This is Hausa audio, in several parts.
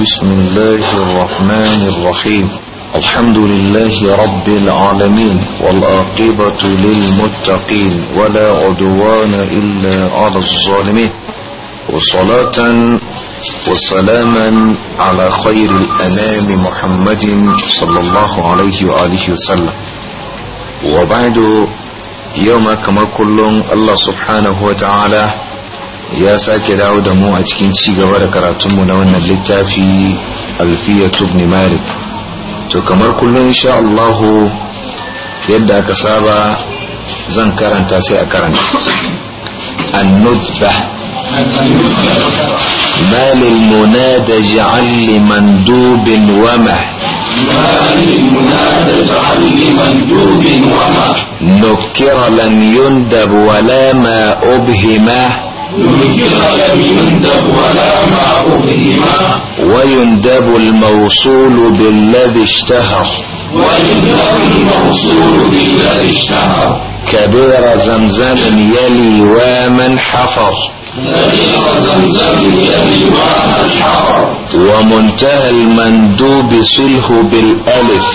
بسم الله الرحمن الرحيم الحمد لله رب العالمين والآقبة للمتقين ولا عدوان إلا على الظالمين وصلاة وسلاما على خير الأنام محمد صلى الله عليه وآله وسلم وبعد يوم كما كل الله سبحانه وتعالى ya sake dawo da mu a cikin ci gaba da karatunmu na wannan littafi alfiyatu ibn malik to kamar kullum insha Allah yadda aka saba zan karanta sai a karanta an-nutbah annutba ما للمناد جعل لمندوب وما نكر لم يندب ولا ما أبهمه ويندب الموصول بالذي اشتهر كبير زمزم يلي ومن حفر ومنتهى المندوب سله بالألف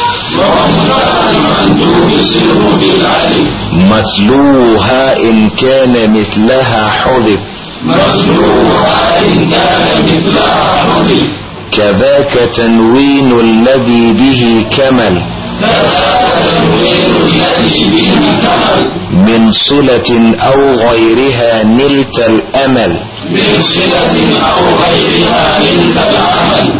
متلوها إن كان مثلها حذف متلوها إن كان مثلها حذف كذاك تنوين الذي به كمل من صلة أو غيرها نلت الأمل من صلة أو غيرها نلت الأمل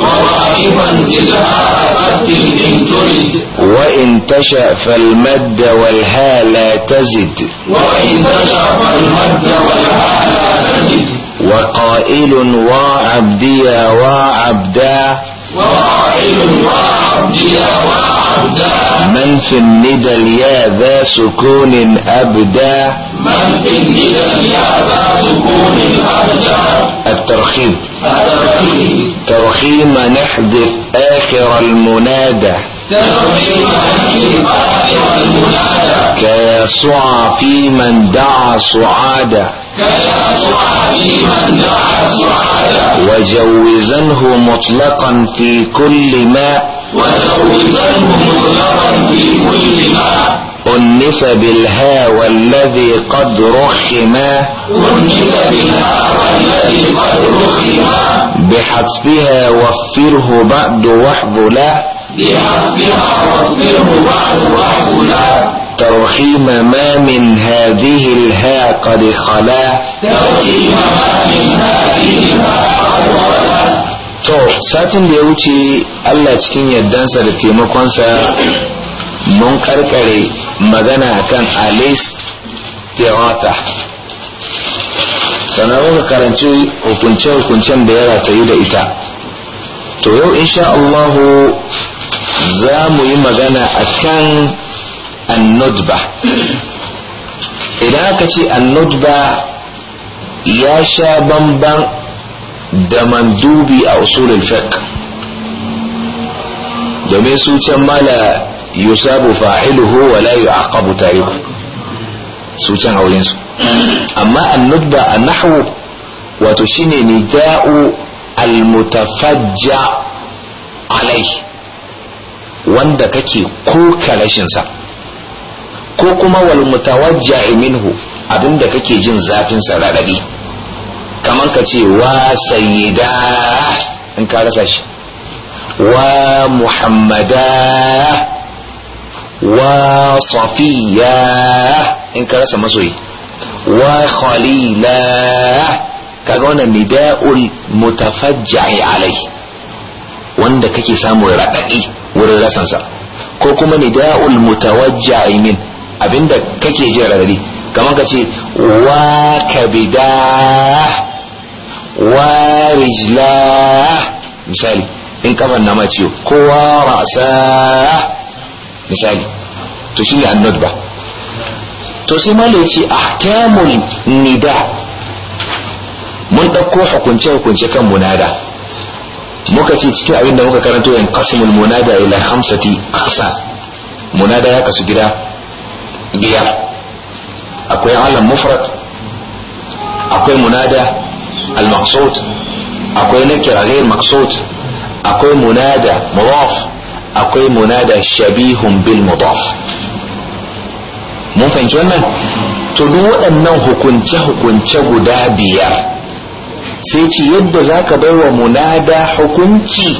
ورائما زدها رتل إن ترد وإن تشأ فالمد والها لا تزد وإن تشأ فالمد والها لا تزد وقائل وعبديا وعبدا وقائل وعبديا وعبدا من في الندى اليا ذا سكون أبدا من في الندم يأبى سكون الأرجاء الترخيم ترخيم نحذف آخر المنادى ترخيم نحذف آخر المنادى كيسعى في من دعا سعادة كيسعى في من دعا سعادة وجوزنه مطلقا في كل ما وتأويلهم مطلقا في كل ما أنف بالها والذي قد رخما أنف بالها والذي قد رخما بحذفها وفره بعد وحذلا بحذفها وفره بعد وحذلا ترخيم ما من هذه الها قد خلا ترخيم ما من هذه الها قد خلا to satin da ya wuce allah cikin yardansa da taimakonsa mun karkare magana kan alis tewata sannan muka karanci hukunce-hukuncen da ta yi da ita to yau insha allahu za mu yi magana a kan annudba idan aka ce annudba ya sha bamban da mandubi a usulul fiqh domin su can mala yusabu fa'iluhu wa la yu'aqabu tariku su can su amma annudba annahu wato shine nida'u almutafajja alai wanda kake kuka rashin sa ko kuma wal mutawajja minhu abinda kake jin zafin sa radadi kamar ka ce wa sayyida in ka rasa shi wa muhammada wa safiya in ka rasa masoyi wa khalila kaga wannan nida'ul mutafajja'i alai wanda kake samu raɗaɗi wurin rasansa ko kuma nida'ul mutawajja'i min abinda kake jin raɗaɗi kamar ka ce wa kabida warijla misali in kafan na ma ciwo ko wa ra'sa misali to shi ne annod ba to sai malai ya ce ahkamul nida mun ɗauko hukunce-hukunce kan munada muka ce cikin abin da muka karanto in qasimul munada ila khamsati aqsa munada ya kasu gida biyar akwai alam mufrad akwai munada al-maqsud akwai nakira ghayr maqsud akwai munada mudaf akwai munada shabihun bil mun fahimci wannan to duk waɗannan hukunce hukunce guda biyar sai ce yadda zaka baiwa munada hukunci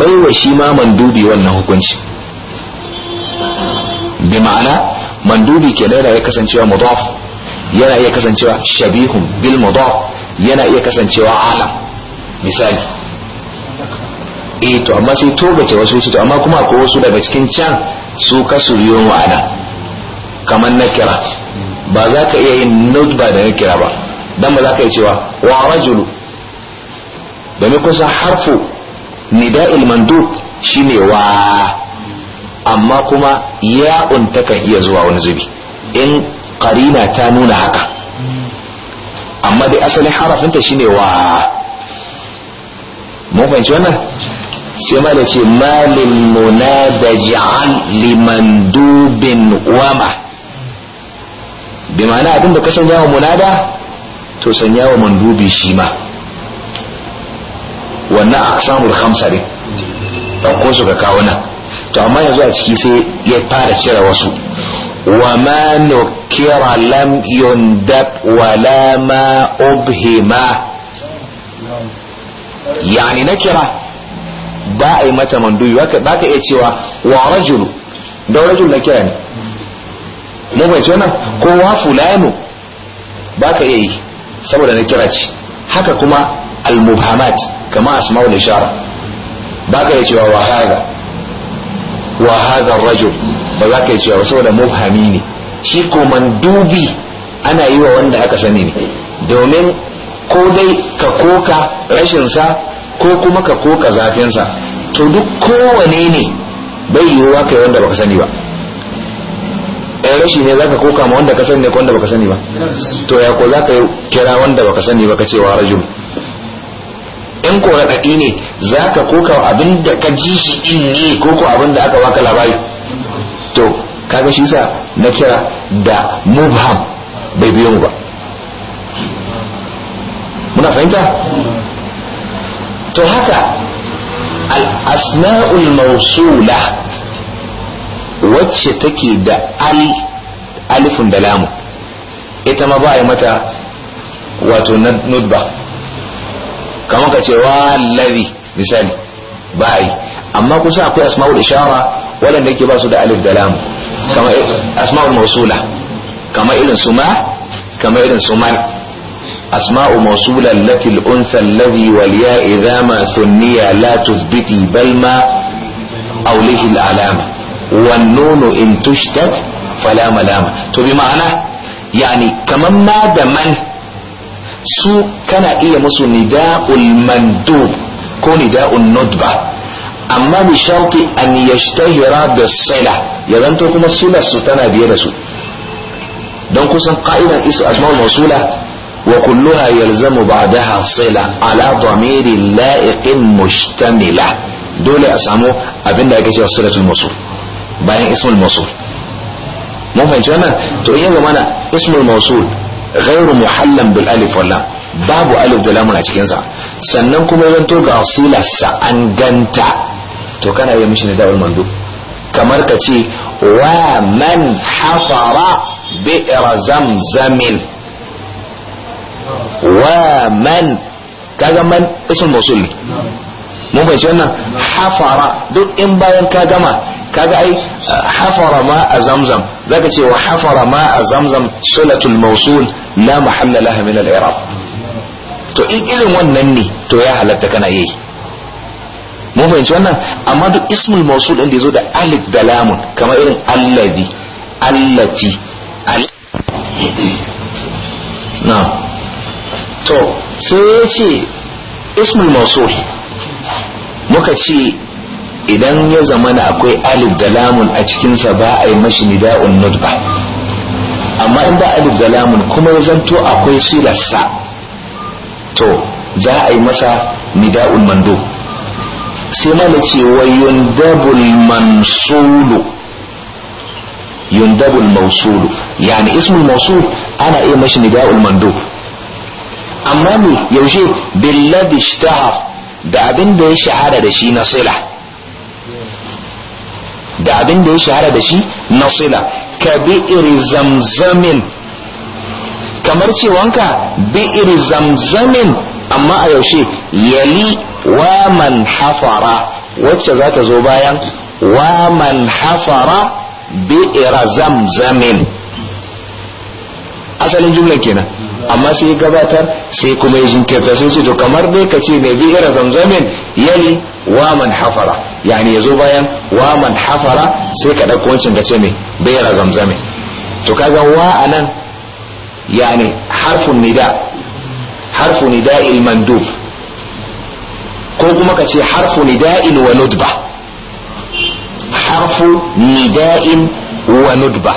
baiwa shi ma mandubi wannan hukunci bi ma'ana mandubi ke da ya kasancewa mudaf yana iya kasancewa shabihun bil mudaf yana iya kasancewa alam misali eh to amma sai tobace wasu su to amma kuma akwai wasu daga cikin can su kasuriyon wa'ana kamar na kira ba za ka iya yin ba da na kira ba dan ba za ka yi cewa wa rajulu domin kusa harfu nida'il mandub shine wa amma kuma ya'un takan iya zuwa wani zubi in karina ta nuna haka amma dai asalin harafinta shine wa mun fahimci wannan sai ma da ce malin munadaji an dubin wama bi ma'ana abin da ka sanya wa munada to sanya wa mandubi shi ma wannan a samun hamsa ne ko su ka kawo nan to amma yanzu a ciki sai ya fara cire wasu وما نكر لم يندب ولا ما mata يعني نكرة باء متى مندوي باك ايتشوا ورجل ده رجل نكرة mu bai ce wannan kowa fulanu ba ka iya yi saboda na kira ce haka kuma al-muhammad kama asma'ul ishara ba ka iya cewa wa haga wa haga rajul ba za ka yi cewa saboda mubhami ne shi ko mandubi ana yi wa wanda aka sani ne domin ko dai ka koka rashinsa ko kuma ka koka zafinsa to duk kowane ne bai yi wa kai wanda baka sani ba ɗaya eh, rashi ne zaka koka ma wanda ka sani ne ko wanda baka sani ba to ya ko zaka kira wanda baka sani ba ka ce wa rajul in ko raɗaɗi ne zaka koka abin da ka ji shi in ne ko ko abin da aka baka labari to kaga shi sa na kira da mubham bai biyo mu ba muna fahimta to haka al-asma'ul mawsula wacce take da al alifun da lamu ita ma ba yi mata wato nudba kamar ka ce wa misali ba yi amma kusa akwai asma'ul ishara waɗanda yake ba su da alif da lam kama asma'ul mausula kama irin su kama irin su asma'u mausula allati al-unsa alladhi wal ya idha ma sunniya la tuthbiti bal ma awlihi al-alama wan nunu in tushtat fala malama to bi ma'ana yani kaman ma da man su kana iya musu nida'ul mandub ko nida'un nudba amma bi sharti an yashtahira da sila ya zanto kuma sila su tana biye da su don kusan ka'idan isu asma'ul mausula wa kulluha yalzamu ba'daha sila ala damiri la'iqin mushtamila dole a samu abinda ake cewa silatul mausul bayan ismul mausul mun fahimci wannan to in ya zamana ismul mausul ghairu muhallan bil alif babu alif da lamun a cikin sa sannan kuma zanto ga asilarsa an ganta to kana iya mishi nida'ul mandu kamar ka ce wa man hafara bi'ra zamzamin wa man kaga man ismul mawsul mun bai wannan hafara duk in bayan ka gama kaga ai hafara ma a zamzam zaka ce wa hafara ma a zamzam sulatul mawsul la mahalla laha min al-i'rab to in irin wannan ne to ya halatta kana yi mun fahimci wannan amma duk ismul mausul din da yazo da alif da lamun kamar irin allazi allati na to sai ya ce ismul mausul muka ce idan ya zamana akwai alif da lamun a cikinsa ba a yi mashi nida'un nutba amma in ba alif da lamun kuma ya zanto akwai silarsa to za a yi masa nida'un mando sai mana ce wa yundabul mansulu yundabul mausulu yani ismul mausul ana iya mashi nida'ul mandub amma ne yaushe billadi ishtahar da abin da ya shahara da shi na da abin da ya shahara da shi na sila ka bi'iri zamzamin kamar cewanka bi'iri zamzamin amma a yaushe yali wa man hafara wacce za ta zo bayan wa man hafara bi'ira zamzamin asalin jumlan kenan amma sai gabatar sai kuma yi jinkirta sai ce to kamar dai ka ce mai bi'ira zamzamin yali wa man hafara yani ya zo bayan wa man hafara sai ka ɗauki wancan ka ce mai bi'ira zamzamin to kaga wa anan yani harfun nida harfu nida'il mandub ko kuma ka ce harfu nida'il wa nudba harfu nida'in wa nudba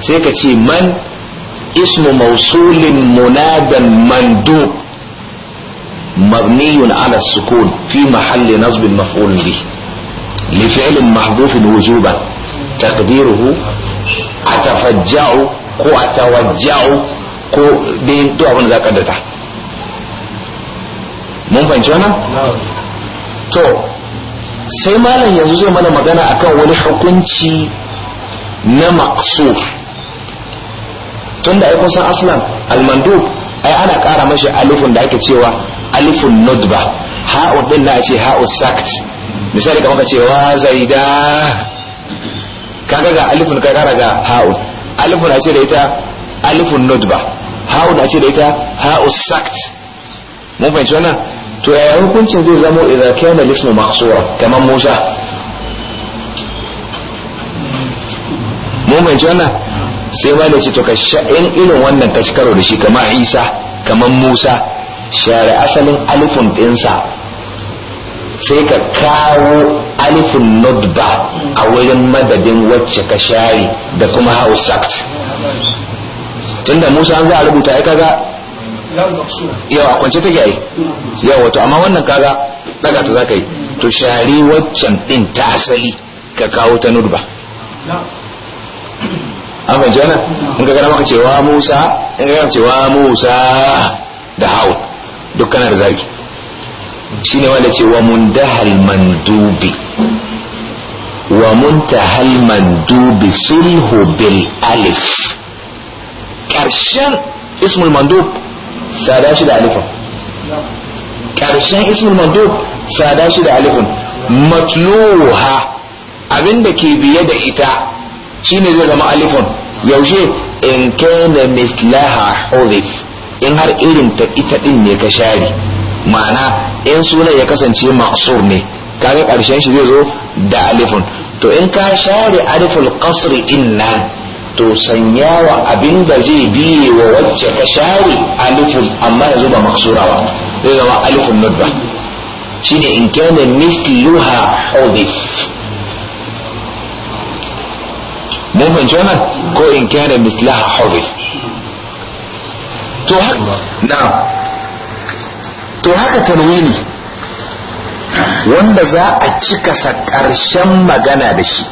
sai ka ce man ismu mausulin munadan mandub mabniyun ala sukun fi mahalli nazbin maf'ul bi لفعل محذوف وجوبا تقديره ko كو أتوجع كو da تو أبن ذاك mun fahimci wannan to sai malam yanzu zai mana magana akan wani hukunci na maksur tunda ai kun san aslan almandub ai ana kara mashi alifun da ake cewa alifun nudba ha'u din na ce ha'u sakt misali kamar ka ce wa zaida kaga ga alifun ka kara ga ha'u alifun a ce da ita alifun nudba ha'u da ce da ita ha'u sakt mun fahimci wannan to yaya hukuncin zai zamo idza kana lismu mahsura kamar Musa mun ji wannan sai ma da ce to ka in irin wannan ka karo da shi kamar Isa kaman Musa share asalin alifun ɗinsa sai ka kawo alifin nudba a wurin madadin wacce ka share da kuma hausakt tunda musa an za a rubuta ya kaga yawa kwance take ai yawa to amma wannan kaga daga ta zaka yi to shari waccan din ta asali ka kawo ta nurba an fahimci wannan in ka gana maka cewa musa in ka gana cewa musa da hau dukkanar zaki shine wanda ce wa mundahal mandubi wa muntahal mandubi sulhu bil alif karshen ismul mandub sada shi da alifin ƙarshen ismul mandub sada shi da alifin matluha abinda ke biye da ita shine zai zama alifin yaushe in kana mislaha hudif in har irin ta ita din ne ka share ma'ana in sunan ya kasance maksur ne kaga ƙarshen shi zai zo da alifin to in ka share aliful qasri din to sanyawa abin da zai biye wa wacce ka share alifun amma yanzu ba maksura ba zai zama alifun nudba shine in kana misluha udif mun fahimci wannan ko in kana mislaha udif to haka na to haka tanwini wanda za a cika sa ƙarshen magana da shi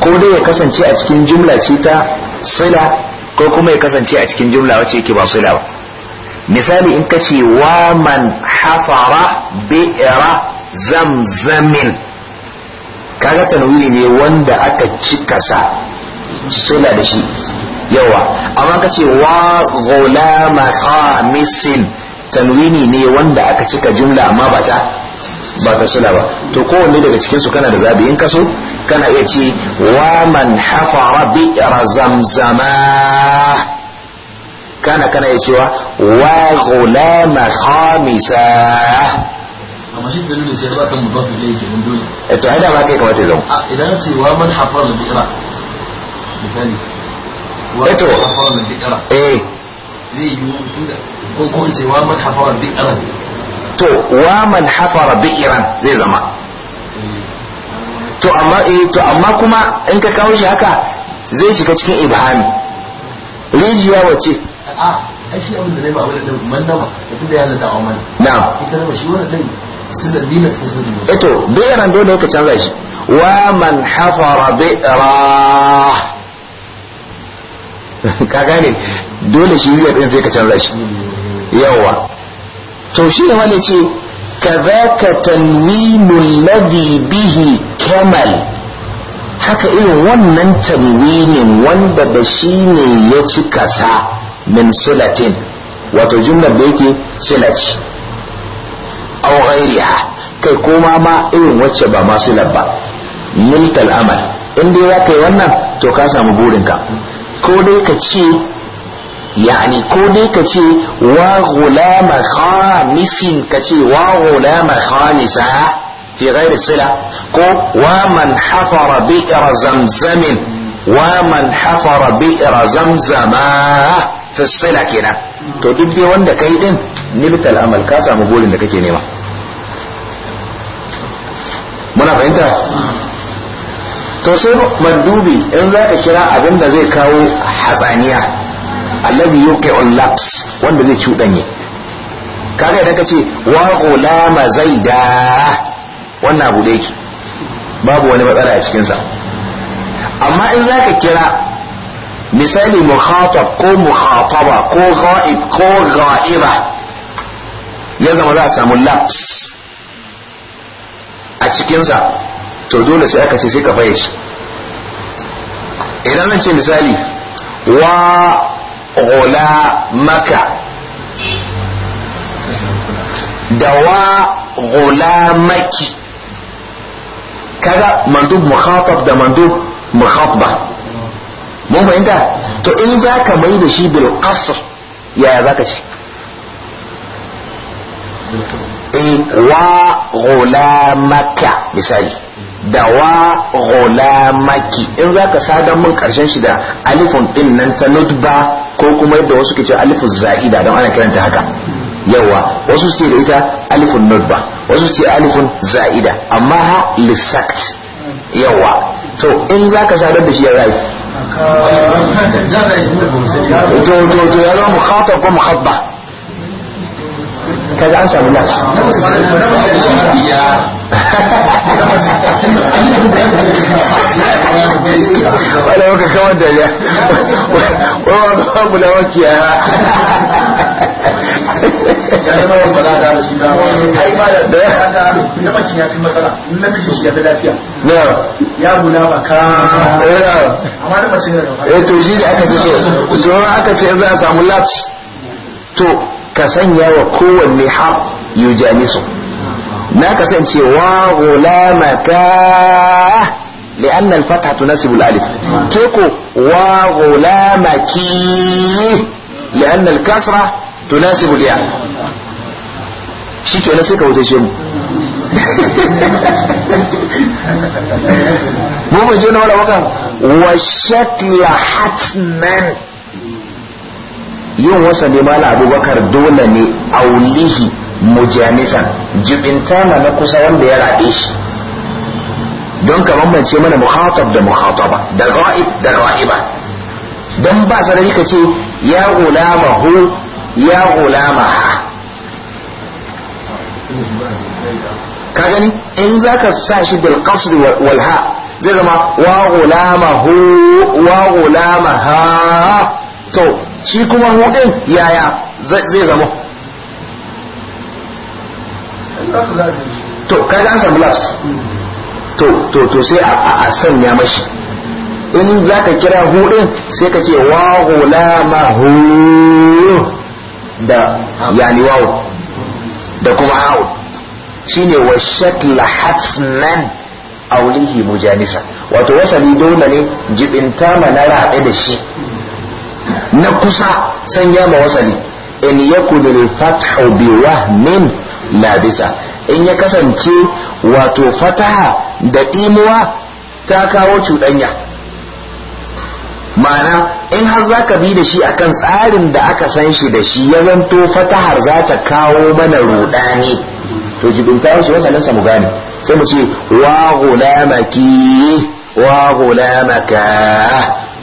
ko dai ya kasance a cikin jumla ce ta sila ko kuma ya kasance a cikin jumla wacce yake ba sila ba misali in ka ce wa man hafara bi'ra zamzamin kaga tanwili ne wanda aka cika sa sila da shi yawa amma ka ce wa gulama khamisin tanwini ne wanda aka cika jumla amma ba ta ba ta sula ba to kowanne daga cikin su kana da zabi in kaso kana iya ce wa man hafara bi'ra zamzama kana kana iya cewa wa ghulama khamisa amma shi dalilin sai ba kan mudafi ne yake mun dole eh to haida ba kai kamata zan idan ce wa man hafara bi'ra misali wa to hafara bi'ra eh zai yi tunda ko ko ce wa man hafara bi'ra to wa man hafara bi'ran zai zama to amma eh to amma kuma in ka kawo shi haka zai shiga cikin ibhami rijiya wace ai shi abin da zai ba wani ɗin man nama da tun ya zata a wani na ita nama shi wani ɗin suna dina cikin sun dina eto eh, bai ran dole ka canza shi wa man hafara bi'ra ka gane dole shi biyar ɗin zai ka canza shi mm. yawa to shi ne wani ce ka كذاك تنوين الذي bihi كمل haka irin wannan tamwinin wanda da shi ne ya ci kasa min silatin wato jumlar da yake silaci au kai koma ma irin wacce ba ma silar ba niltal amal in dai za ka yi wannan to ka samu ka ko dai ka ce yani ko dai ka ce wa gulama khamisin ka ce wa gulama khamisa fi ghairi sila ko wa man hafara bi'ra zamzamin wa man hafara bi'ra zamzama fi sila kenan to duk dai wanda kai din nibtal amal ka samu burin da kake nema muna fahimta to sai mandubi in za ka kira abin da zai kawo hatsaniya allazi yuqi'ul laps wanda zai cudanye kaga idan kace wa ulama zaida wannan abu dai yake babu wani matsala a cikin sa amma in zaka kira misali mukhatab ko mukhataba ko ghaib ko ghaiba ya zama za a samu laps a cikinsa to dole sai aka ce sai ka bayyana idan zan ce misali wa Maka da wa Maki kaga mandub mukhatab da mandub mukhatba mun fahimta to in za ka mai da shi bil qasr yaya za ka ce wa wa maka misali da wa ghulamaki in zaka sadar mun karshen shi da alifun din nan ta nutba ko kuma yadda wasu ke ce alifun za'ida don ana kiranta haka yawa wasu ce da ita alifun nutba wasu ce alifun za'ida amma ha lisakt yawa to in zaka sadar da shi ya rai to to to ya zama mukhatab ko mukhatab kaga an samu nas wadda waka kama da ya waka kama na wakiya na ya shi ya ya ba ka amma na mace ne da to shi da aka ce to aka ce za a samu laps to ka sanya wa kowanne har yujanisu na kasance wa gulamaka لأن الفتحة تناسب الألف كيكو وغلامك لأن الكسرة تناسب الياء شيكي أنا سيكا وتشم مو مجونا ولا وكا وشكل حتما yin wasa ne mala abubakar dole ne aulihi mujamisan jibinta ma na kusa wanda ya raɗe shi don ka bambance mana muhatab da muhataba da ra'ib da ra'iba don ba sarari ka ce ya ulama hu ya ulama ha ka gani in za ka sa shi bil qasri wal ha zai zama wa ulama hu wa ulama ha to shi kuma hudin yaya zai zama to ka ga sa laps to to to sai a a sanya mashi in za ka kira hudin sai ka ce wahu la hu da yani da kuma hawu shine wa shakla hatsman aulihi mujanisa wato wasali dole ne jibinta mana rabe da shi na kusa sanya ma wasali in ya yakun fathu bi wahmin bisa. in ya kasance wato fataha da imuwa ta kawo cuɗanya ma'ana in har zaka bi da shi akan tsarin da aka san shi da shi ya zanto fatahar za ta kawo mana rudani to ta shi wasalinsa mu gani sai mu ce wa gulamaki wa gulamaka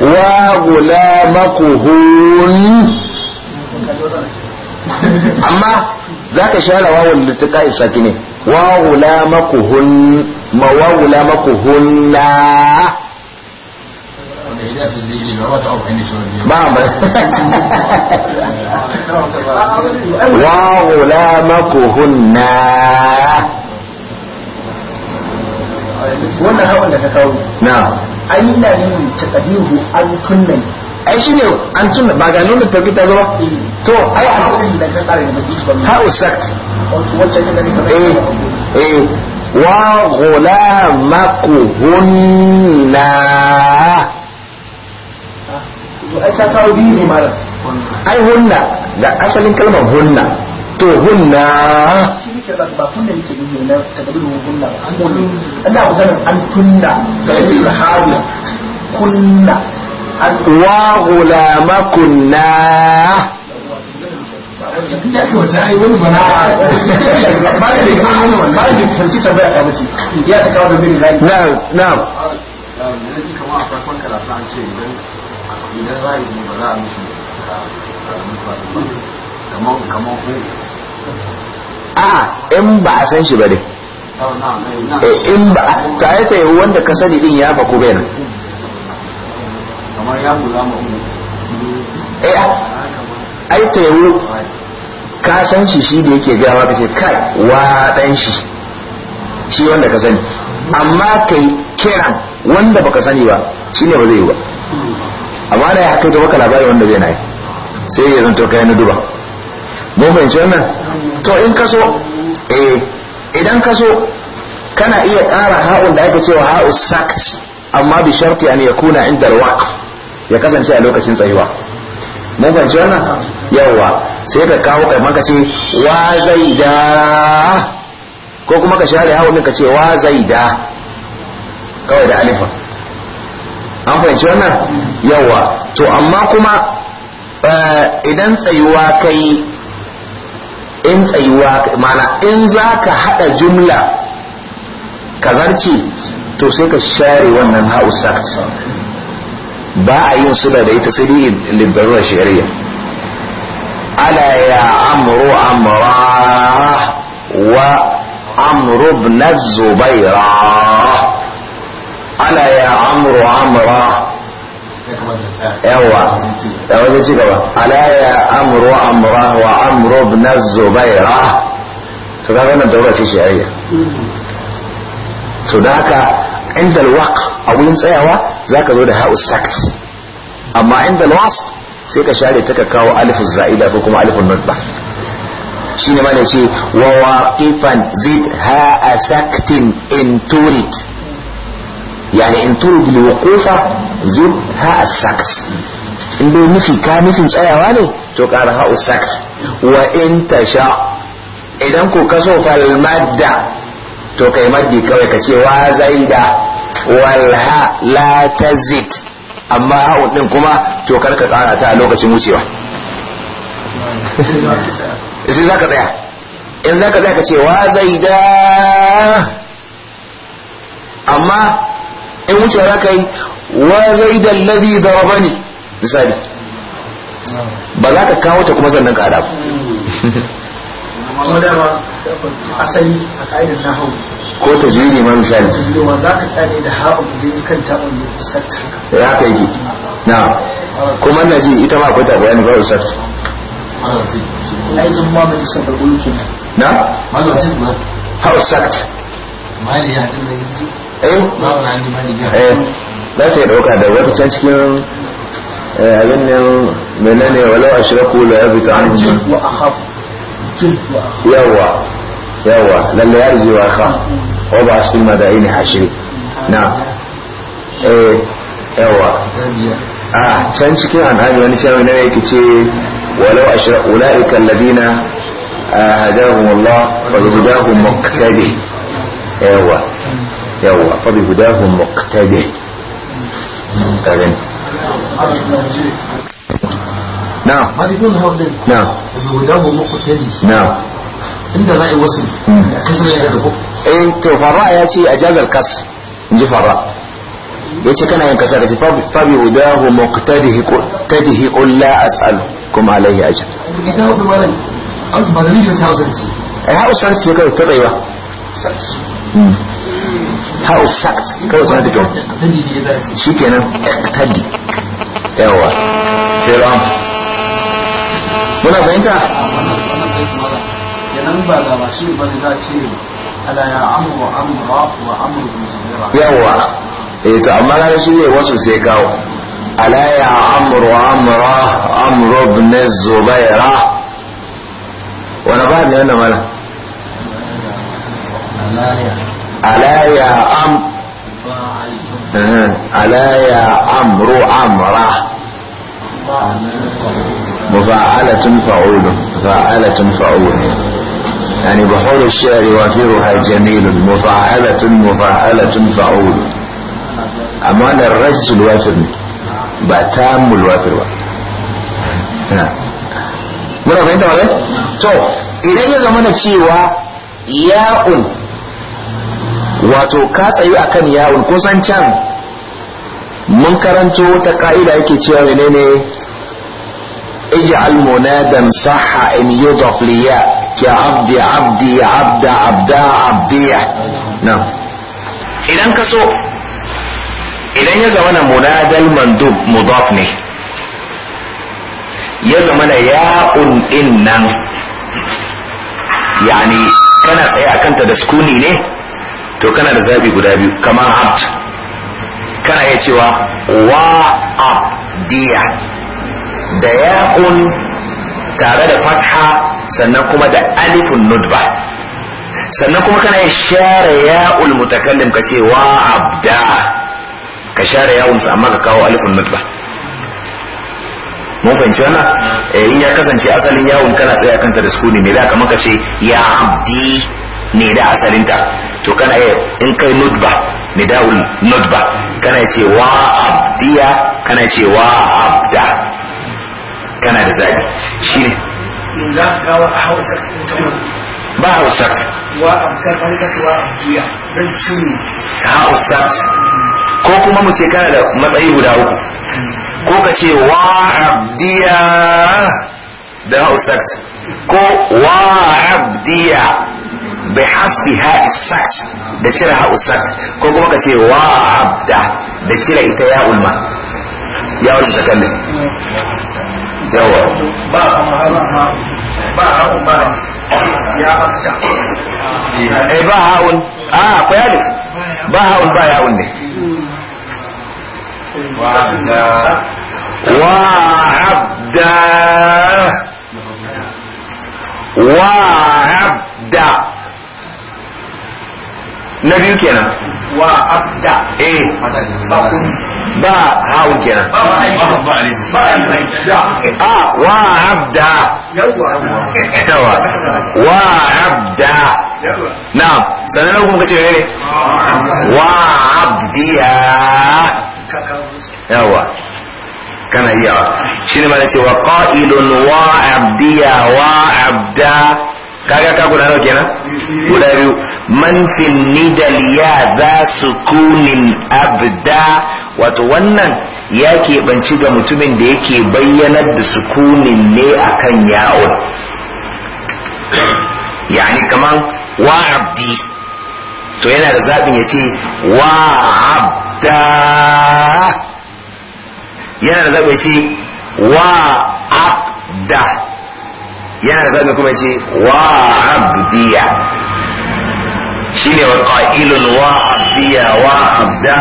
wa gulamakuhun amma za ka share wawon littaka isaki ne wa gulamakuhun ma wa gulamakuhun na ba ba wa gulamakuhun na wannan hawan da ka kawo na an yi na yin takadiru an tunnai ai an tunna ba ga nuna tauki ta zama eh. to ai an kudi da ka tsara da ba ha usakt eh eh wa ai ka kawo biyu ne malam ai hunna da asalin kalmar hunna to hunna shi ba ba kunna yake yi ne na tadabiru kunna ba an kunna Allah an kunna ga ibn hawiya kunna wa gulama kunna na'am na'am a a in ba a san shi ba dai eh, in ba ta yi ta wanda ka sani din ya faku bai nan eh, ai ta yi ka san shi shi da yake gawa ka ce kai wa dan shi shi wanda ka sani amma kai kiran wanda baka sani ba shine ba zai yi ba amma da ya haka maka labarin wanda bai na yi sai ya zanto kai na duba mun fahimci wannan to in ka so eh idan ka so kana iya ƙara ha'un da ake cewa ha'u sakt amma bi sharti an yakuna inda alwaqf ya kasance a lokacin tsayuwa mun fahimci wannan yawa sai ka kawo kai maka ce wa zaida ko kuma ka share ha'un ka ce wa zaida kawai da alifa an fahimci wannan yawa to amma kuma eh, idan tsayuwa kai in tsayuwa mana in za ka haɗa jumla ka zarce to sai ka share wannan ha'u sakt ba a yin sula da ita sai dai libbaruwar shari'a ala ya amru amra wa amru ibn zubaira ala ya amru amra yawa da wajen ci gaba alaya ya amru wa amru ibn zubaira to ga wannan daura ce shari'a to da haka inda alwaq a wurin tsayawa zaka zo da ha'u sakt amma inda alwasl sai ka share ta ka kawo alif za'ida ko kuma alif nutba shine ma ne ce wa waqifan zid ha'a saktin in turid yani in turu bil wuqufa zid ha as-sakt in dai nufi ka nufin tsayawa ne to ƙara ha as wa in tasha idan ko kaso fal madda to kai maddi kawai ka ce wa zaida wal ha la tazid amma ha din kuma to karka ƙara ta lokacin wucewa sai za ka tsaya in za ka tsaya ka ce wa zaida amma in wuce za ka yi wa zai da ladhi bani. misali ba za ka kawo ta kuma sannan ka hada ba asali a ko ta ma misali za ka tsare da da yi kan tabon sattar ya na kuma na ji ita ma akwai ta bayani ba usat na Hau eh eh za ta yi ɗauka da wata can cikin abin nan menene walau a shirya ko la yabi ta an yawa yawa lalle ya rijewa ka wa ba su ma da ini hashiri na eh yawa a can cikin al'ami wani cewa ne yake ce walau a shirya ula'ika ladina هداهم الله فلهداهم مقتدي ايوه yawa fabi hudahum muqtadi kagan na na na inda za a yi wasu kasar ya gaba eh to ya ce a jazar kas in ji ya ce kana yin kasa kasi fabi hudahu muqtadihi qul la as'alu kuma alaihi ajr ai hausar ce kawai ta tsayuwa how is sacked kawai suna tafiya shi kenan ektadi yawa firam muna fahimta ga ba shi ba wa yawa eh to amma na shi wasu sai kawo ala amru amra amru zubaira wani ba ne wannan mala ألا يا أم أه، ألا يا امر امره مفاعلة فعول مفاعلة فعول يعني بحول الشعر وفيرها جميل مفاعلة مفاعلة فعول أما أنا الرجز الوافر بتام الوافر نعم muna fahimta wajen to idan ya zama na cewa ya'un wato ka tsayi akan yawon kun can mun karanto wata ka'ida yake cewa menene ij'al munadan sahha in yudaf liya ki abdi abdi abda abda abdiya na'am idan ka so idan ya zama na munadal mandub mudaf ne ya zama na ya'un din nan yani kana tsaye ta da sukuni ne to kana da zabi guda biyu kama abd kana iya cewa wa abdiya da kun tare da fatha sannan kuma da alifun nudba sannan kuma kana iya share ya'ul mutakallim ka ce wa abda ka share ya'un sa amma ka kawo alifun nudba mun fahimci wannan eh, in ya kasance asalin yawon kana tsaye a kanta da sukuni ne da kamar ka ce ya abdi ne da asalinta to kana iya in kai nutba nidaul nutba kana ce wa abdiya kana ce wa abda kana da zabi shine yanzu ka kawo a hausa ba hausa wa abda kan ka wa abdiya ci. cini hausa ko kuma mu ce kana da matsayi guda uku ko ka ce wa abdiya da hausa ko wa abdiya bai hasbi ha isat da cire ha usat ko kuma ka ce wa abda da cire ita ya ulma ya wani takallin yawa ba ba ba ya abda eh ba haun a akwai alif ba haun ba ya ne wa abda wa abda na biyu kenan wa abda eh ba hawu kenan ba a wa abda yawa wa abda Na sannan na kuma kace ne wa abdiya yawa kana iya ne ma ce wa qa'ilun wa abdiya wa abda kaga ka guda nawa kenan guda biyu man fil nidal ya za sukunin abda wato wannan ya keɓanci ga mutumin da yake bayyanar da sukunin ne akan yawon ne kamar wa abdi to yana da zaɓin ya ce wa abda yana da zaɓin ya ce wa abda yana da zaɓin kuma ya ce wa abdiya shine wa qailun wa abdiya wa abda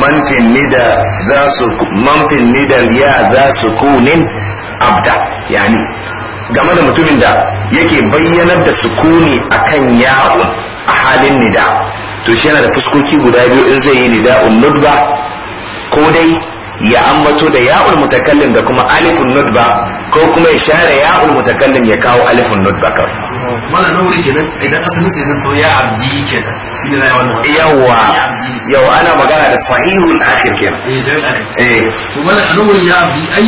man fi nida za su man fi nida ya za su kunin abda yani game da mutumin da yake bayyanar da sukuni akan ya'un a halin nida to shi yana da fuskoki guda biyu in zai yi nida'un nudba ko dai ya ambato da ya'ul mutakallim da kuma alifun nutba ko kuma ya share ya'ul mutakallim ya kawo alifun nutba ka mala nauri kenan idan asalin sai zanto ya abdi kenan shine na wannan yawa yau ana magana da sahihul akhir kenan eh, eh. to mala nauri ya abdi ai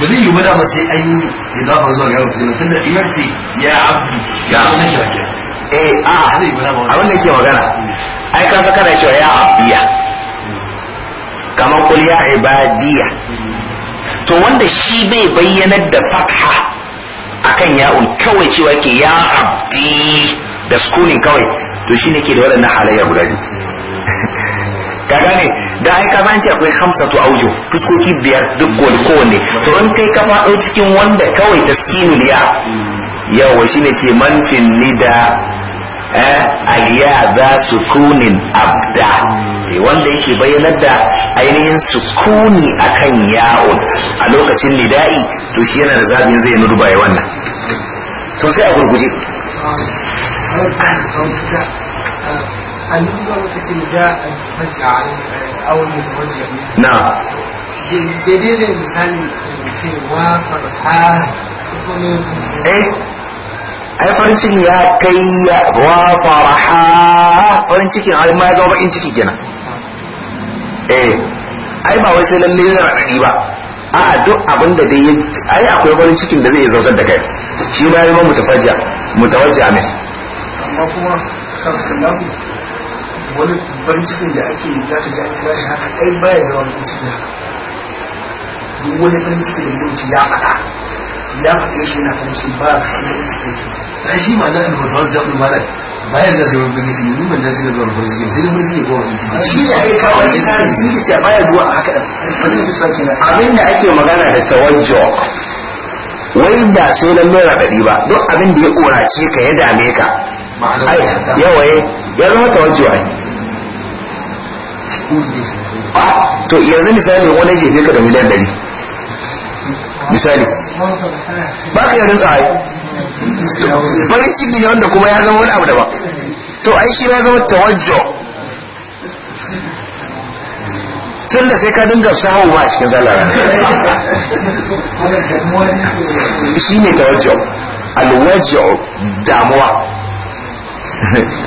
ba zai yi bada ba sai an yi idafa zuwa ga yau tunda imam ce ya abdi ya abdi nake ba kenan eh a abin da ke magana eh, ah, mm. ai ka saka da cewa ya abdiya kamar kul ya ibadiya to wanda shi bai bayyanar da fatha akan ya'un kawai cewa ke ya abdi da sukunin kawai to shi ne ke da waɗannan halayya guda biyu ka gane da ai kasan ce akwai hamsatu aujo fuskoki biyar duk ko kowanne to in kai ka faɗo cikin wanda kawai ta ya yawa shi ne ce manfin nida eh, aliya za sukunin abda ne wanda yake bayyanar da ainihin sukuni akan ya'un a lokacin nida'i to shi yana da zaɓin zai nudu baya wannan to sai a gurguje na daidai eh ai farin cikin ya kai ya. wa faraha farin cikin ai ma ya zama in ciki kenan eh ai ba wai sai lalle yana raɗaɗi ba a'a duk abin da dai ai akwai farin cikin da zai zautar da kai shi ma yi ma mu mutawajjiya mai amma kuma sallallahu wani farin cikin da ake da ta ji an kira shi haka ai ba ya zama farin cikin haka duk wani farin cikin da mutum ya faɗa ya faɗe shi yana farin ciki ba ka cikin da ciki yake ai shi ma na alwazar jami'in malam bayan za su yi wani su yi wani zai yi wani farin ciki sai farin ciki ko wani ciki shi ne ake kawo shi tsarin shi ne ce baya zuwa a haka da farin ciki tsaki na abin da ake magana da tawajjo wai ba sai lallai raɗaɗi ba don abin da ya ƙorace ka ya dame ka yawaye ya zama tawajjo ai ah, to yanzu misali wani jefe ka da miliyan ɗari misali ba ka yi rinsa ai farin ciki ne wanda kuma ya zama wani abu daban to ai shi ya zama tawajjo tun da sai ka dinga sahu ma a cikin zalara shi ne tawajjo alwajjo damuwa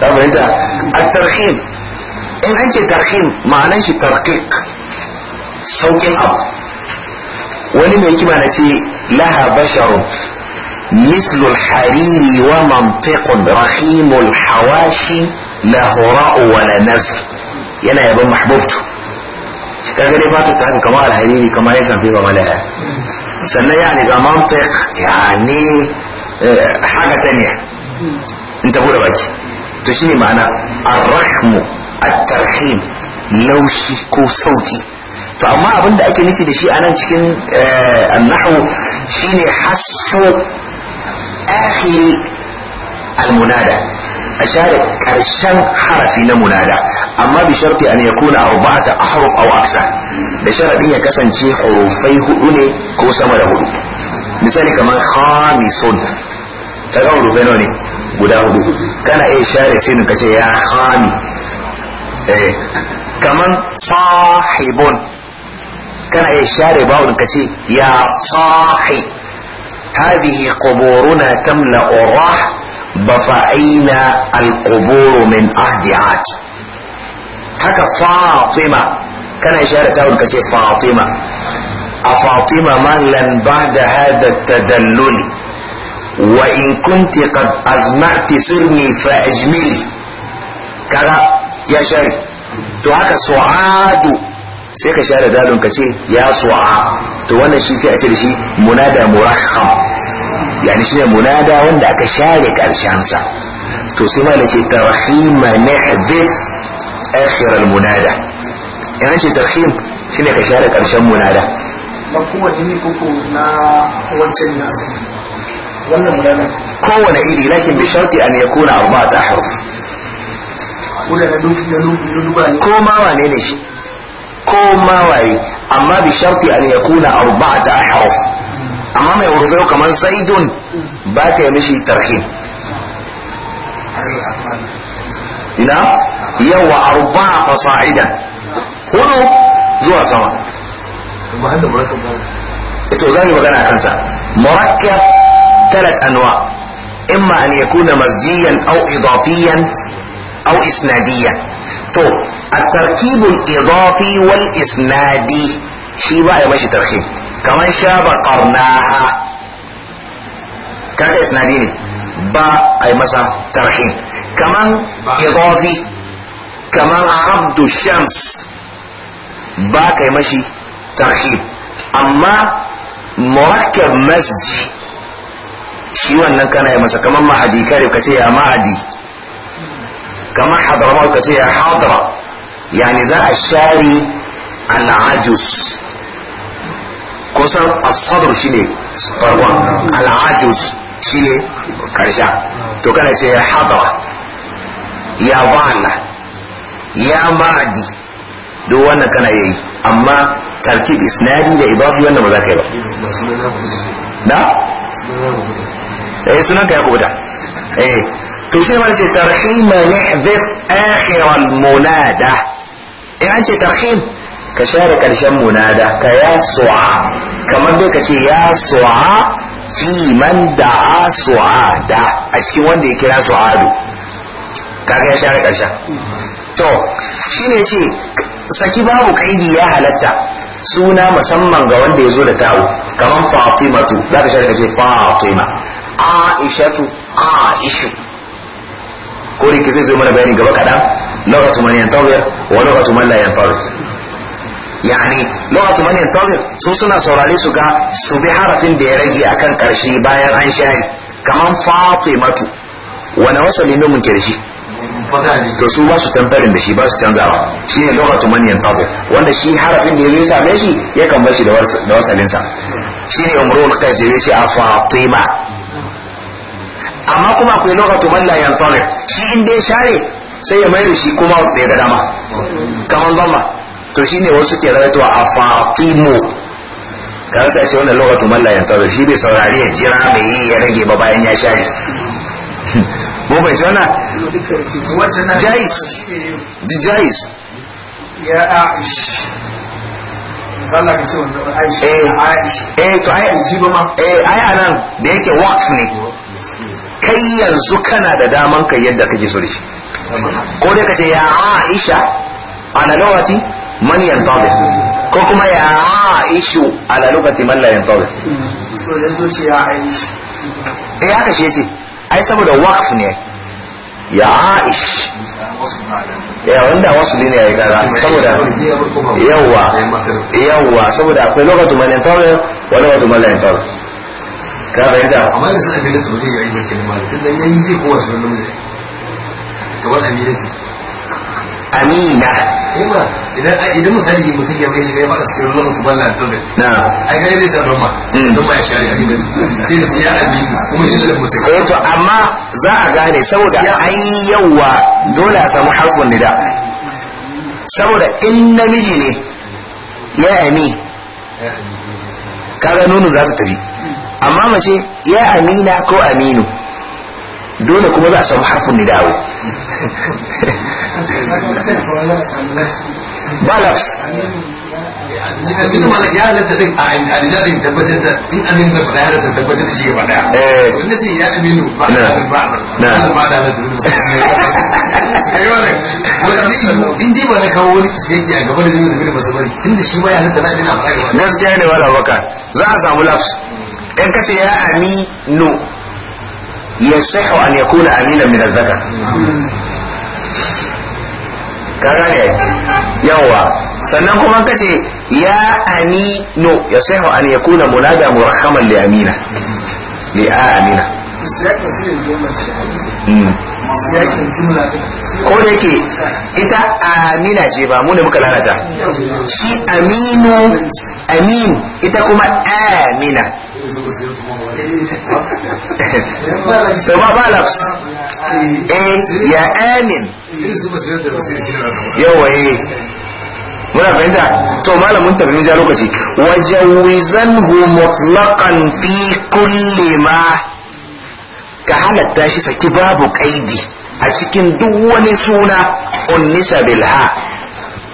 ta a tarhim in an ce tarhim ma'anan shi tarqiq saukin abu wani mai kima na ce laha basharun مثل الحرير ومنطق رخيم الحواشي لا هراء ولا نزل ينا يا بن محبوبته كذا ليه فاتت هذا كما الحريري كما يزن في ما لها سنة يعني منطق يعني آه، حاجة تانية انت قول باجي تشيني معنى الرخم الترخيم لو شيكو صوتي فأما أبن دا أكي نفي دا شيء أنا شكين آه، النحو شيني حسو آخر المنادى أشار كرشان حرفي نمنادى أما بشرط أن يكون أربعة أحرف أو أكثر بشرط أن يكسن شيء حروفي هؤني كو سما لهدو كمان خامس تقول حروفين هؤني بدا هدو كان أي شارع سين كشي يا خامي إيه. كمان صاحبون كان أي شارع باون كشي يا صاحب هذه قبورنا تملا الراح بفاين القبور من أهد عاد هكا فاطمه كان اشاره تاول كشي فاطمه افاطمه مهلا بعد هذا التدلل وان كنت قد ازمعت سرني فاجملي كذا يا شاري تو هكا سعاد sai ka share dalon ka ce ya su'a to wannan shi sai a ce da shi munada murakham yani shine munada wanda aka share karshen sa to sai malai ce tarhima nahdhif akhir al munada yana ce tarhim shine ka share karshen munada ba kuma dini koko na wancan na asali wannan munada kowane iri lakin bi sharti an yakuna arba'ata ahruf ko da na duba ne ko ma wane ne shi كوما واي أما بشرط أن يكون أربعة أحرف أما ما يعرفه كمان سيد باك يمشي ترخيم لا نعم. يو أربعة فصاعدا هنا جوا سما إتو زاني بغانا كنسا مركب ثلاث أنواع إما أن يكون مزجيا أو إضافيا أو إسناديا تو التركيب الإضافي والإسنادي شي بقى ماشي تركيب كمان شاب قرناها كذا إسنادي ني با أي مسا تركيب كمان إضافي كمان عبد الشمس با كي ماشي تركيب أما مركب مسجي shi wannan kana yi masa kamar mahadi kare ka ce ya mahadi kamar hadramaut ka ce ya hadra yani za a share al'ajus kun san asabar shine farkon al'ajus ne karshen to kana ce ya hadara ya bala ya ma'adi duk wannan kana yi amma tarkib isnadi da idafi wannan ba za ka yi ba na? eh sunan ya kubuta eh to shi ne ma ce tarhima nihdith akhir al-munada in an ce tarhim ka share karshen munada ka ya su'a kamar dai ka ce ya su'a fi man da'a da a cikin wanda ya kira su'adu ga ya share karshen to shi ne ce saki babu kaidi ya halatta suna musamman ga wanda ya zo da tawo kamar fatimatu za ka share ka ce fatima aishatu aishu ko da ke zai zo mana bayani gaba kaɗan لغة من ينتظر ولغة من لا ينتظر yani lokacin من ينتظر su suna saurari su ga su bi harafin da ya rage a kan karshe bayan an من كرشي fatimatu wani wasu limin mun kirshi to su ba su tamfarin da shi ba su canzawa shi ne lokacin mani tazir wanda shi harafin da ya yi same shi ya kan bashi da wasalinsa shi ne kai sai a fatima amma kuma akwai lokacin man la yantazir shi inda ya share sai ya mayar shi kuma wasu ɗaya ga dama kamar zama to shi ne wasu ke rawaitowa a fatimu ka rasa shi wannan lokacin malla ya tsaro shi bai saurari ya jira mai yi ya rage ba bayan ya share mu bai ji wannan jais jais ya aish zalla ka ce wannan aish eh. aish eh to ai ji ba ma eh ai anan da yake waqf ne kai yanzu kana da daman kai yadda kake so da shi ko dai ka ce ya aisha ala lokaci man yantabi ko kuma ya aishu ala lokaci man la yantabi So da zo ce ya aisha eh haka shi yace ai saboda waqf ne ya aish ya wanda wasu ne ya yi gara saboda yawa yawa saboda akwai lokacin man yantabi wa lokacin man la yantabi ka bayyana amma da sai abin da tabbata yayi bakin malam tunda yayi zai kowa sunan namiji kamar aminatu amina eh idan idan misali mutum ya mai shiga ya faɗa cikin ruwan tuban na ai kai zai sabon roma hmm. don ba ya share aminatu sai da ciya aminu kuma shi da mutum eh to amma za a gane saboda ai yawa dole a samu harfin nida saboda in namiji ne ya ami kaga nunu za ta tafi amma mace ya amina ko aminu dole kuma za a samu harfin nidawo ba laps cikin malam ya halatta din a alija din tabbatar in amin da faɗa ya halatta tabbatar da shi gaba ɗaya eh. wanda ya ba a abin ba a da halatta wanda in dai ba na kawo wani siyaki a gaba da zai zabi da masu bari tun da shi ba na gaskiya ne wala baka za samu laps in ka ce ya aminu ya sahu an yakuna Amina min zakar ka gane yawa sannan kuma ka ce ya aminu ya sahu an ya kuna munada murhaman li amina li amina hmm. ko da yake ita amina ce ba mu ne muka lalata shi aminu amin ita kuma amina so ba ba eh ya amin yawa eh. muna fahimta to malamin tabbin ja lokaci hu mutlaqan fi kulle ma ka halatta shi saki babu ƙa'idi a cikin duk wani suna unnisa bilha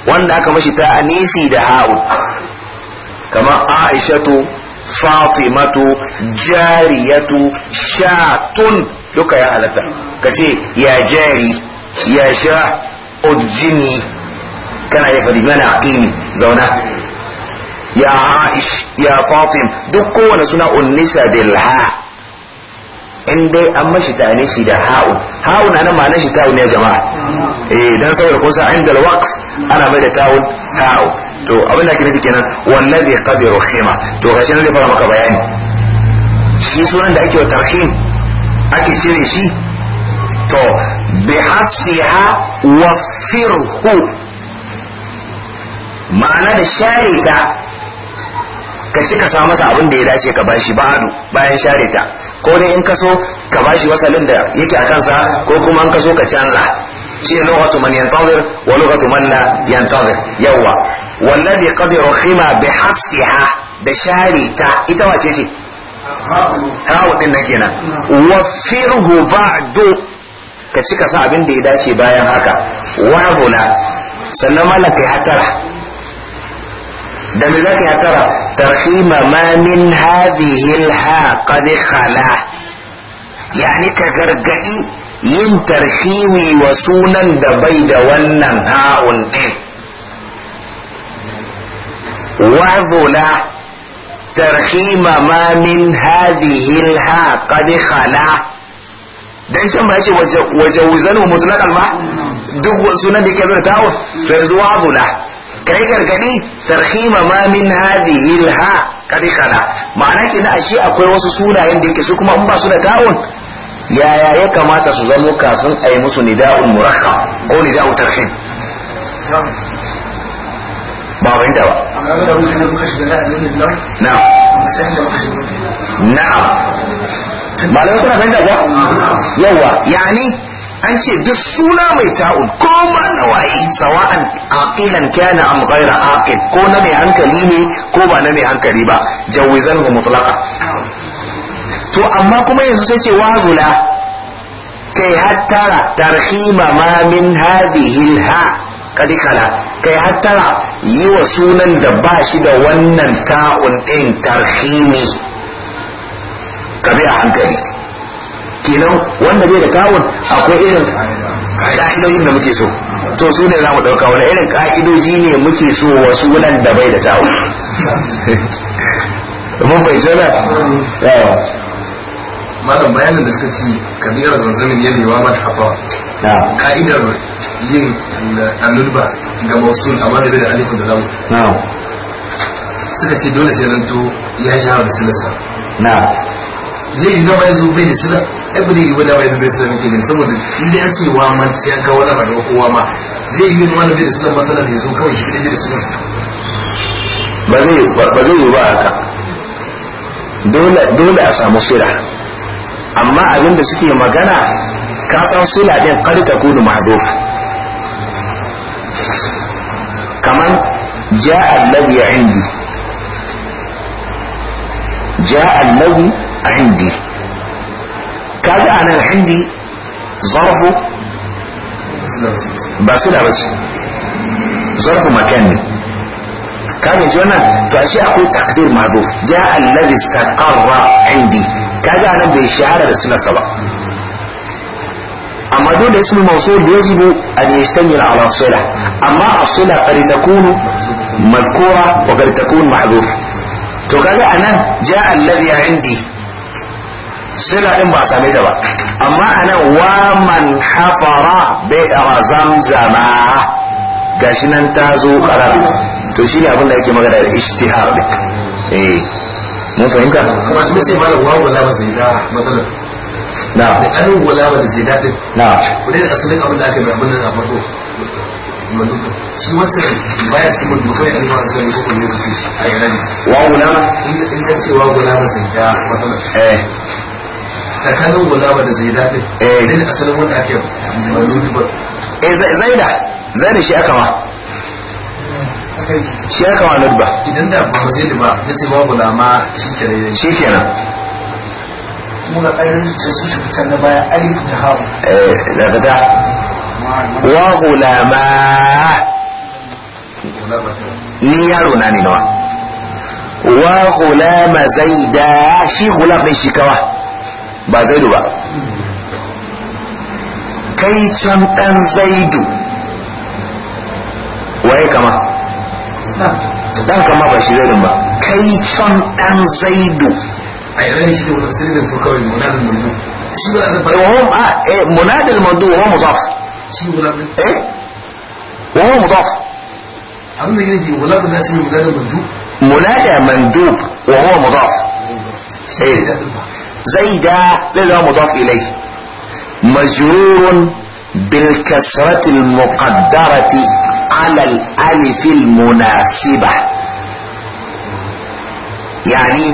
wanda aka mashi ta anisi da ha'u kamar aishatu fatimatu jariyatu shatun duka ya halatta ka ce ya jari ya sha ujini kana ya faɗi mana aqimi zauna ya aish ya fatim duk kowane suna unnisa bil ha in dai an mashi ta shi da ha'u na ana ma shi ta'un ya jama'a eh dan saboda kun san inda waqf ana mai da ta'un ha'u to abin da kike kenan wallazi qadiru khima to gashi ne zai fara maka bayani shi sunan da ake wa tarhim ake cire shi to bihasiha hasfiha ma'ana da share ta ka ci ka sa masa abin da ya dace ka bashi ba'adu bayan share ta ko dai in kaso ka bashi wasalin da yake a kansa ko kuma in kaso ka canza shi ne lokacin man yantazir wa lokacin man la yantazir yawa wallazi qad rukhima bi da share ta ita wace ce ha'u din nan kenan wa firhu ba'du ka cika sa abin da ya dace bayan haka wahula sannan malam kai hatara da me za ka yi hatara tarhima ma min hadhihi alha qad khala yani ka gargadi yin tarhiwi wa sunan da bai da wannan ha'un din wahula tarhima ma min hadhihi alha qad khala dan can ba ya yace waje wuzanu mutlaqal ba duk sunan da yake zo da ta'awun to yanzu wa wazula kai gargadi tarhima ma min hadhihi ilha kadikala ma'ana kina ashe akwai wasu sunayen da yake su kuma in ba su da ta'awun yaya ya kamata su zamo kafin a yi musu nida'ul murakka ko nida'ul tarhim ba wanda ba na na'am malamai kuna fahimta kuwa yawa yani an ce duk suna mai ta'un ko ma nawayi sawa'an aqilan kana am ghayra aqil ko na mai hankali ne ko ba na mai hankali ba jawizan ga mutlaqa to amma kuma yanzu sai ce wazula kai hattara tarhima ma min hadhihi ha kadi kai hattara yi wa sunan da ba shi da wannan ta'un din tarhimi ka a hankali kenan wanda bai da kawun akwai irin ka'idojin da muke so to su ne za mu ɗauka wani irin ka'idoji ne muke so wasu wulan da bai da tawo mun fahimci na yawa malam bayanin da suka ci kabilar zanzamin yalewa marhaba ka'idar yin annulba ga mausul amma da bai da alifin da lamu suka ce dole sai to ya shahara da silasa. zai yi dama ya bai da sila ai ba zai yi dama ya bai da sila muke gani saboda inda ya ce wa ma sai an kawo lama kowa ma zai yi wani bai da sila matsalar ya zo kawai shi kadai da sila ba zai yi ba haka dole a samu sila amma abin da suke magana ka san sila din kar da kunu kamar kaman ja'a ya indi ja'a alladhi عندي كاد انا عندي ظرفه بس لا بس ظرفه مكاني كان انا تعشي أقول تقدير معذوف جاء الذي استقر عندي كذا أنا بإشارة لسنة سبع أما دون اسم الموصول يجب أن يشتمل على صلة أما الصلة قد تكون مذكورة وقد تكون محذوفة تقول أنا جاء الذي عندي sila din ba a same ta ba amma anan wa man hafara bi'ra zamzama gashi nan ta zo karar to shine abin da yake magana da ishtihar din eh mun fahimta kuma kuma ce malam wa wala ba zai da matsalar na da an wala ba zai da din na ku dai asalin abin da aka yi abin nan a farko shi wacce baya cikin mutum kawai an zuwa sani ko kuma ya fi shi a yanar wa wala in ka ce wa wala ba zai da matsalar eh tsakanin gulama da zaida din eh ne asalin wanda ake mauludi ba eh zaida zaida shi aka ma shi aka ma nudba idan da ba zai da ba na ce ba gulama shi kenan shi kenan muna ƙarin da su shi fitar na baya alif da hawa eh da da wa gulama ni yaro na ne nawa wa gulama zaida shi gulam ne shi kawa ba zaidu ba kai can dan zaidu waye kama dan kama ba shi zaidun ba kai can dan zaidu a yi rani shi da wani sirrin to kawai munadal mandu shi ba da bayan a eh munadal mandu wa mudaf shi munadal eh wa mudaf abin da yake wala da na ce munadal mandu munada mandub wa huwa mudaf sai eh. da زيدا لذا مضاف إليه مجرور بالكسرة المقدرة على الألف المناسبة يعني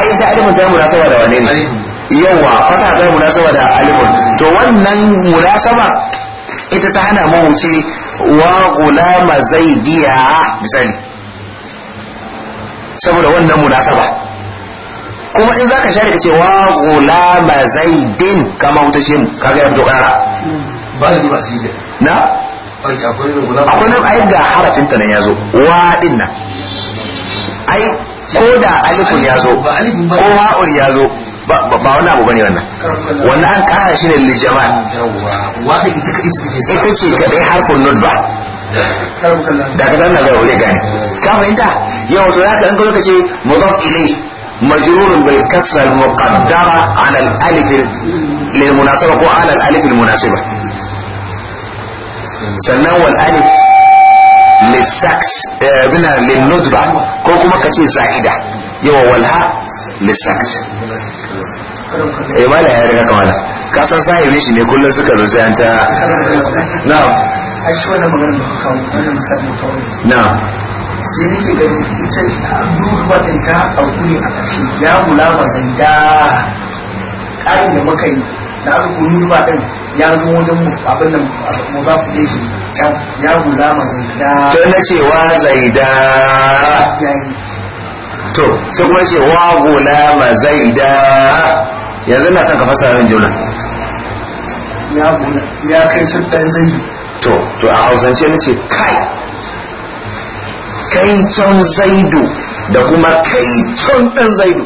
أي ذا ألف مناسبة لوانين يوا فتا ذا مناسبة لألف تولنا مناسبة إذا تعنى موتي وغلام زيدية مثالي سبب لوانا مناسبة kuma in zaka share ka ce wa ghulama zaidin kama wuta shi kaga ya fito kara ba da ba sai na akwai nan ai ga harafin ta nan yazo wa din nan ai ko da alifun yazo ko ha'ur yazo ba wani abu bane wannan wannan an kara shi ne lijamal ita ce dai harfin nun ba daga nan na ga wuri gane ka fahimta yau to zaka an ka lokaci mudaf ilai مجرور بالكسرة المقدرة على الألف للمناسبة أو على الألف المناسبة سنة والألف للسكس بنا للندبة كوكما كتير زائدة يو والها للسكس eh mala ya riga kamala ka san sahibi shi ne kullum suka zo sai an ta na'am ai shi wannan magana da kawo wannan misalin kawo na'am sai nake gani ita duk ɗin ta ɗauku ne a ƙarshe ya mula ba zai da ƙarin da muka yi Na aka kunu duba ɗin ya zo wajen mu abin da mu za ku leke ya mula ma zai da to na ce wa zai da to sai kuma ce wa gula ma zai da yanzu na son ka fasa min juna ya gula ya kai cin ɗan zai to to a hausance na ce kai kai zaidu da kuma kai can ɗan zaidu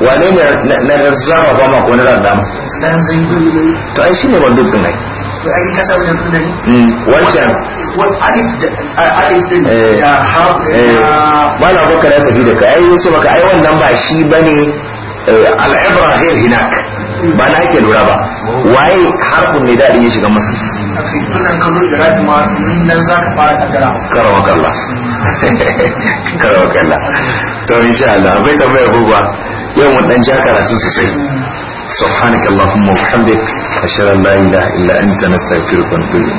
wane ne na zama ba ma kone na dama ɗan zaidu to ai shine wanda din ai ai ka samu nan ne wancan alif din da ha mala baka da tafi da kai ai yace maka ai wannan ba shi bane eh, al-ibra hinak ba na ke lura ba oh. waye harfin ne da ya shiga masa tunan ka zo iraki ma nan za ka fara kaddara karawa kalla karawa kalla to insha Allah bai tambaya ko ba yau mun dan ja karatu sosai subhanakallahumma wa bihamdik ashhadu an la ilaha illa anta nastaghfiruka wa